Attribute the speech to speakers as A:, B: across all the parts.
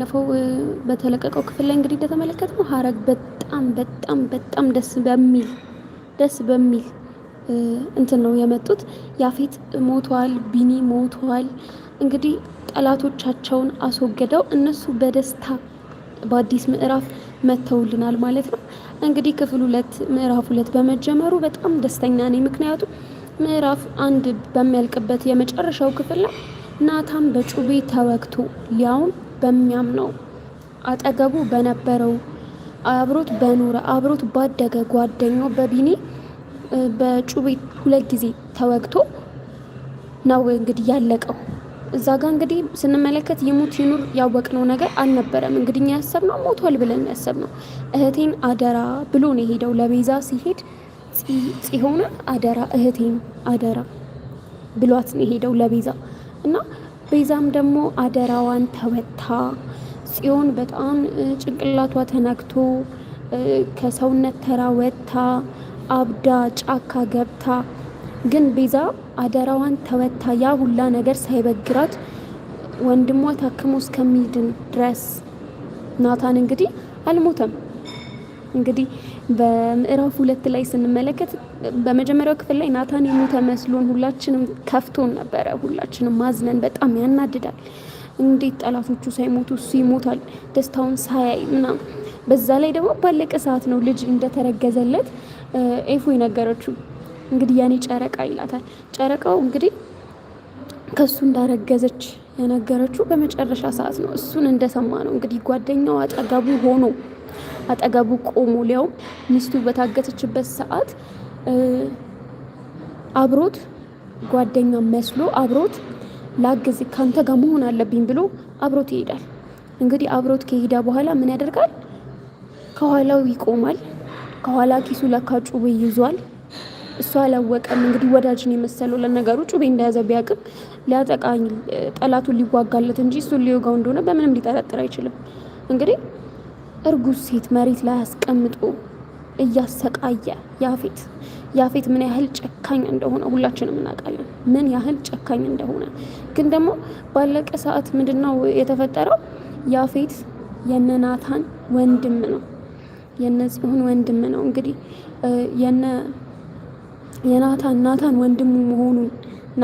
A: ባለፈው በተለቀቀው ክፍል ላይ እንግዲህ እንደተመለከትነው ሀረግ በጣም በጣም በጣም ደስ በሚል ደስ በሚል እንትን ነው የመጡት። ያፌት ሞቷል፣ ቢኒ ሞቷል። እንግዲህ ጠላቶቻቸውን አስወግደው እነሱ በደስታ በአዲስ ምዕራፍ መተውልናል ማለት ነው። እንግዲህ ክፍል ሁለት ምዕራፍ ሁለት በመጀመሩ በጣም ደስተኛ ነኝ። ምክንያቱም ምዕራፍ አንድ በሚያልቅበት የመጨረሻው ክፍል ላይ ናታን በጩቤ ተወግቶ ሊያውም በሚያምነው አጠገቡ በነበረው አብሮት በኖረ አብሮት ባደገ ጓደኛው በቢኒ በጩቤ ሁለት ጊዜ ተወግቶ ነው እንግዲህ ያለቀው። እዛ ጋ እንግዲህ ስንመለከት ይሙት ይኑር ያወቅነው ነገር አልነበረም። እንግዲህ እኛ ያሰብነው ሞቷል ብለን ያሰብነው እህቴን አደራ ብሎ ነው የሄደው። ለቤዛ ሲሄድ ጽሆነ አደራ እህቴን አደራ ብሏት ነው የሄደው ለቤዛ እና ቤዛም ደግሞ አደራዋን ተወታ። ጽዮን በጣም ጭንቅላቷ ተነክቶ ከሰውነት ተራ ወጥታ አብዳ ጫካ ገብታ ግን ቤዛ አደራዋን ተወታ። ያ ሁላ ነገር ሳይበግራት ወንድሟ ታክሞ እስከሚድን ድረስ ናታን እንግዲህ አልሞተም እንግዲህ በምዕራፍ ሁለት ላይ ስንመለከት በመጀመሪያው ክፍል ላይ ናታን የሞተ መስሎን ሁላችንም ከፍቶን ነበረ። ሁላችንም ማዝነን፣ በጣም ያናድዳል። እንዴት ጠላቶቹ ሳይሞቱ እሱ ይሞታል ደስታውን ሳያይ ምናምን። በዛ ላይ ደግሞ ባለቀ ሰዓት ነው ልጅ እንደተረገዘለት ኤፎ የነገረችው። እንግዲህ ያኔ ጨረቃ ይላታል። ጨረቃው እንግዲህ ከእሱ እንዳረገዘች የነገረችው በመጨረሻ ሰዓት ነው። እሱን እንደሰማ ነው እንግዲህ ጓደኛው አጠገቡ ሆኖ አጠገቡ ቆሞ ሊያውም ሚስቱ በታገተችበት ሰዓት አብሮት ጓደኛ መስሎ አብሮት ላግዝ ካንተ ጋር መሆን አለብኝ ብሎ አብሮት ይሄዳል። እንግዲህ አብሮት ከሄደ በኋላ ምን ያደርጋል? ከኋላው ይቆማል። ከኋላ ኪሱ ለካ ጩቤ ይዟል። እሱ አላወቀም። እንግዲህ ወዳጅን የመሰለው ለነገሩ ጩቤ እንደያዘ ቢያቅም ሊያጠቃኝ ጠላቱን ሊዋጋለት እንጂ እሱን ሊወጋው እንደሆነ በምንም ሊጠረጥር አይችልም። እንግዲህ እርጉዝ ሴት መሬት ላይ አስቀምጦ እያሰቃየ ያፌት ያፌት ምን ያህል ጨካኝ እንደሆነ ሁላችንም እናውቃለን፣ ምን ያህል ጨካኝ እንደሆነ። ግን ደግሞ ባለቀ ሰዓት ምንድነው የተፈጠረው? ያፌት የነ ናታን ወንድም ነው፣ የነ ጽሁን ወንድም ነው። እንግዲህ የነ የናታን ናታን ወንድሙ መሆኑን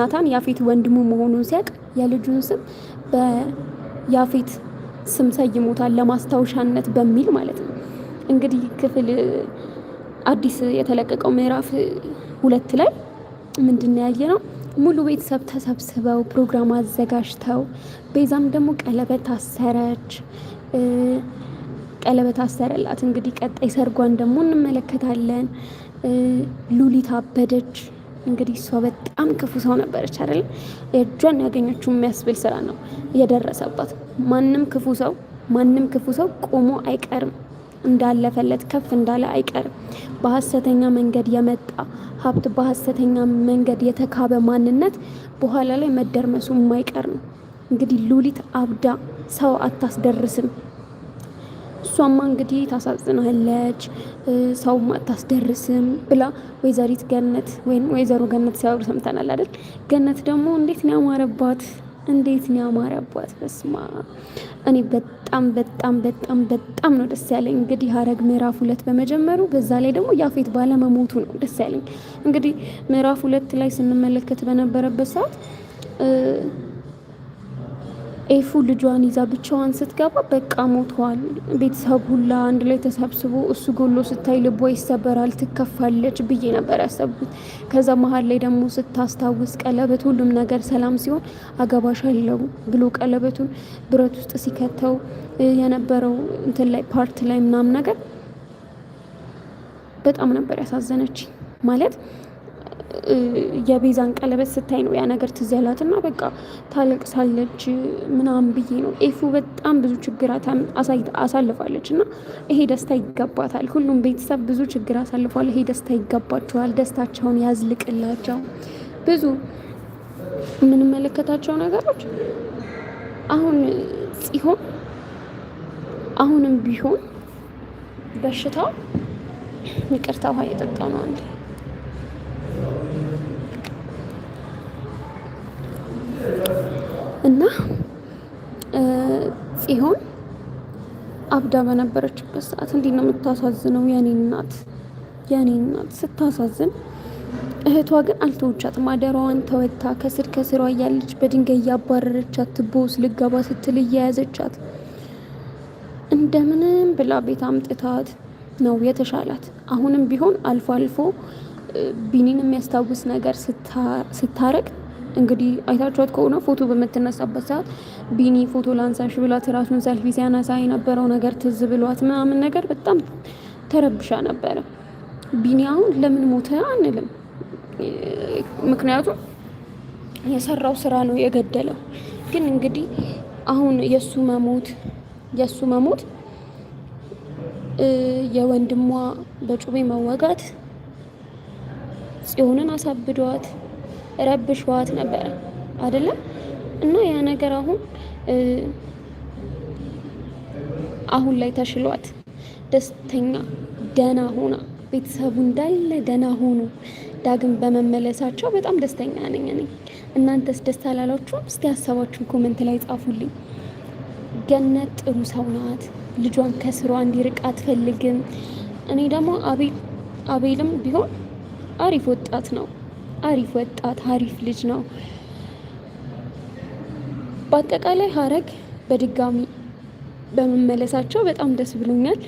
A: ናታን ያፌት ወንድሙ መሆኑን ሲያውቅ የልጁን ስም በያፌት ስም ሰይሞታል ለማስታወሻነት በሚል ማለት ነው። እንግዲህ ክፍል አዲስ የተለቀቀው ምዕራፍ ሁለት ላይ ምንድን ያየ ነው ሙሉ ቤተሰብ ተሰብስበው ፕሮግራም አዘጋጅተው ቤዛም ደግሞ ቀለበት አሰረች ቀለበት አሰረላት። እንግዲህ ቀጣይ ሰርጓን ደግሞ እንመለከታለን። ሉሊት አበደች። እንግዲህ እሷ በጣም ክፉ ሰው ነበረች አይደል? እጇን ያገኘችው የሚያስብል ስራ ነው የደረሰባት። ማንም ክፉ ሰው ማንም ክፉ ሰው ቆሞ አይቀርም፣ እንዳለፈለት ከፍ እንዳለ አይቀርም። በሀሰተኛ መንገድ የመጣ ሀብት፣ በሀሰተኛ መንገድ የተካበ ማንነት በኋላ ላይ መደርመሱ የማይቀር ነው። እንግዲህ ሉሊት አብዳ ሰው አታስደርስም እሷማ እንግዲህ ታሳዝናለች፣ ሰው አታስደርስም ብላ ወይዘሪት ገነት ወይም ወይዘሮ ገነት ሲያወሩ ሰምተናል አይደል? ገነት ደግሞ እንዴት ነው ያማረባት እንዴት ነው ያማረባት! በስማ እኔ በጣም በጣም በጣም በጣም ነው ደስ ያለኝ። እንግዲህ ሐረግ ምዕራፍ ሁለት በመጀመሩ በዛ ላይ ደግሞ ያፌት ባለመሞቱ ነው ደስ ያለኝ። እንግዲህ ምዕራፍ ሁለት ላይ ስንመለከት በነበረበት ሰዓት ኤፉ ልጇን ይዛ ብቻዋን ስትገባ በቃ ሞተዋል። ቤተሰብ ሁላ አንድ ላይ ተሰብስቦ እሱ ጎሎ ስታይ ልቧ ይሰበራል፣ ትከፋለች ብዬ ነበር ያሰብኩት። ከዛ መሀል ላይ ደግሞ ስታስታውስ ቀለበት፣ ሁሉም ነገር ሰላም ሲሆን አገባሽ አለው ብሎ ቀለበቱን ብረት ውስጥ ሲከተው የነበረው እንትን ላይ ፓርት ላይ ምናምን ነገር በጣም ነበር ያሳዘነች ማለት የቤዛን ቀለበት ስታይ ነው ያ ነገር ትዝ ያላትና በቃ ታለቅሳለች ምናምን ብዬ ነው። ኤፉ በጣም ብዙ ችግራት አሳልፋለች እና ይሄ ደስታ ይገባታል። ሁሉም ቤተሰብ ብዙ ችግር አሳልፏል። ይሄ ደስታ ይገባቸዋል። ደስታቸውን ያዝልቅላቸው። ብዙ የምንመለከታቸው ነገሮች አሁን ሲሆን አሁንም ቢሆን በሽታው ይቅርታ ውሃ እየጠጣ ነው አንዴ እና ጽሆን አብዳ በነበረችበት ሰዓት እንዲህ ነው የምታሳዝነው። የኔ እናት የኔ እናት ስታሳዝን፣ እህቷ ግን አልተወቻትም። ማደሯዋን ተወታ ከስር ከስሯ እያለች በድንጋይ እያባረረቻት ትቦስ ልጋባ ስትል እያያዘቻት እንደምንም ብላ ቤት አምጥታት ነው የተሻላት። አሁንም ቢሆን አልፎ አልፎ ቢኒን የሚያስታውስ ነገር ስታረቅ እንግዲህ አይታችኋት ከሆነ ፎቶ በምትነሳበት ሰዓት ቢኒ ፎቶ ላንሳሽ ብላት ራሱን ሰልፊ ሲያነሳ የነበረው ነገር ትዝ ብሏት ምናምን ነገር በጣም ተረብሻ ነበረ። ቢኒ አሁን ለምን ሞተ አንልም፣ ምክንያቱም የሰራው ስራ ነው የገደለው። ግን እንግዲህ አሁን የእሱ መሞት የእሱ መሞት የወንድሟ በጩቤ መወጋት ጽዮንን አሳብደዋት ረብሸዋት ነበረ አይደለም። እና ያ ነገር አሁን አሁን ላይ ተሽሏት ደስተኛ ደና ሆና ቤተሰቡ እንዳለ ደና ሆኑ ዳግም በመመለሳቸው በጣም ደስተኛ ነኝ እኔ። እናንተስ ደስ አላላችሁም? እስኪ ሀሳባችሁን ኮመንት ላይ ጻፉልኝ። ገነት ጥሩ ሰው ናት። ልጇን ከስሯ እንዲርቅ አትፈልግም። እኔ ደግሞ አቤልም ቢሆን አሪፍ ወጣት ነው። አሪፍ ወጣት አሪፍ ልጅ ነው። በአጠቃላይ ሀረግ በድጋሚ በመመለሳቸው በጣም ደስ ብሎኛል።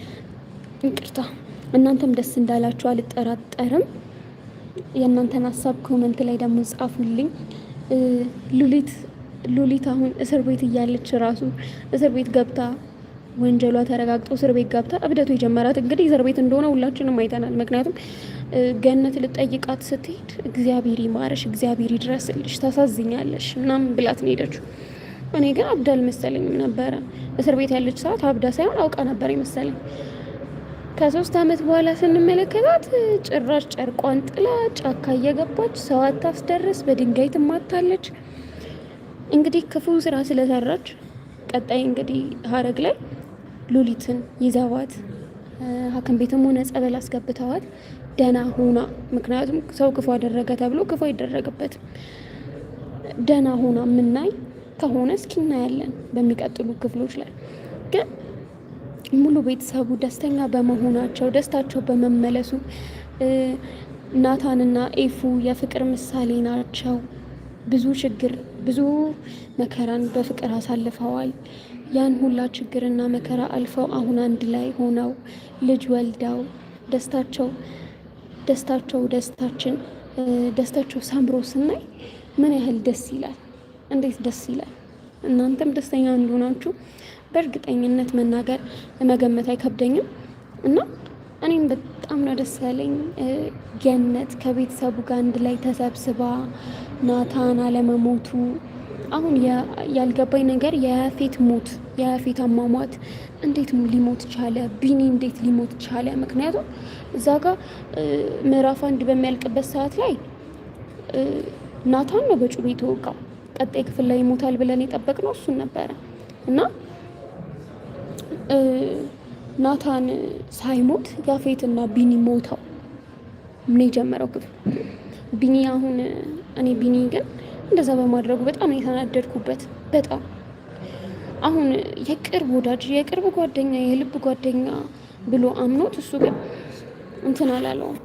A: ይቅርታ እናንተም ደስ እንዳላችሁ አልጠራጠርም። የእናንተን ሀሳብ ኮመንት ላይ ደግሞ ጻፉልኝ። ሉሊት ሉሊት አሁን እስር ቤት እያለች ራሱ እስር ቤት ገብታ ወንጀሏ ተረጋግጦ እስር ቤት ገብታ እብደቱ የጀመራት እንግዲህ እስር ቤት እንደሆነ ሁላችንም አይተናል። ምክንያቱም ገነት ልጠይቃት ስትሄድ እግዚአብሔር ይማረሽ፣ እግዚአብሔር ይድረስልሽ፣ ታሳዝኛለሽ ምናምን ብላት ነው ሄደችው። እኔ ግን አብዳ አልመሰለኝም ነበረ። እስር ቤት ያለች ሰዓት አብዳ ሳይሆን አውቃ ነበር ይመሰለኝ ከሶስት አመት በኋላ ስንመለከታት ጭራሽ ጨርቋን ጥላ ጫካ እየገባች ሰው አታስደርስ፣ በድንጋይ ትማታለች። እንግዲህ ክፉ ስራ ስለሰራች ቀጣይ እንግዲህ ሀረግ ላይ ሉሊትን ይዘዋት ሐኪም ቤትም ሆነ ጸበል አስገብተዋት ደና ሆና፣ ምክንያቱም ሰው ክፉ አደረገ ተብሎ ክፉ አይደረግበትም። ደና ሆና የምናይ ከሆነ እስኪ እናያለን በሚቀጥሉ ክፍሎች ላይ ግን ሙሉ ቤተሰቡ ደስተኛ በመሆናቸው ደስታቸው በመመለሱ ናታንና ኤፉ የፍቅር ምሳሌ ናቸው። ብዙ ችግር ብዙ መከራን በፍቅር አሳልፈዋል። ያን ሁላ ችግርና መከራ አልፈው አሁን አንድ ላይ ሆነው ልጅ ወልደው ደስታቸው ደስታቸው ደስታችን ደስታቸው ሰምሮ ስናይ ምን ያህል ደስ ይላል! እንዴት ደስ ይላል! እናንተም ደስተኛ እንደሆናችሁ በእርግጠኝነት መናገር መገመት አይከብደኝም እና እኔም በጣም ነው ደስ ያለኝ። ገነት ከቤተሰቡ ጋር አንድ ላይ ተሰብስባ ናታን አለመሞቱ አሁን ያልገባኝ ነገር የያፌት ሞት የያፌት አሟሟት እንዴት ሊሞት ቻለ? ቢኒ እንዴት ሊሞት ቻለ? ምክንያቱም እዛ ጋ ምዕራፍ አንድ በሚያልቅበት ሰዓት ላይ ናታን ነው በጩቤ የተወጋው። ቀጣይ ክፍል ላይ ይሞታል ብለን የጠበቅነው እሱን ነበረ እና ናታን ሳይሞት ያፌትና ቢኒ ሞተው ምን የጀመረው ክፍል ቢኒ አሁን እኔ ቢኒ ግን እንደዛ በማድረጉ በጣም የተናደድኩበት በጣም አሁን የቅርብ ወዳጅ የቅርብ ጓደኛ የልብ ጓደኛ ብሎ አምኖት እሱ ግን እንትን አላለውም።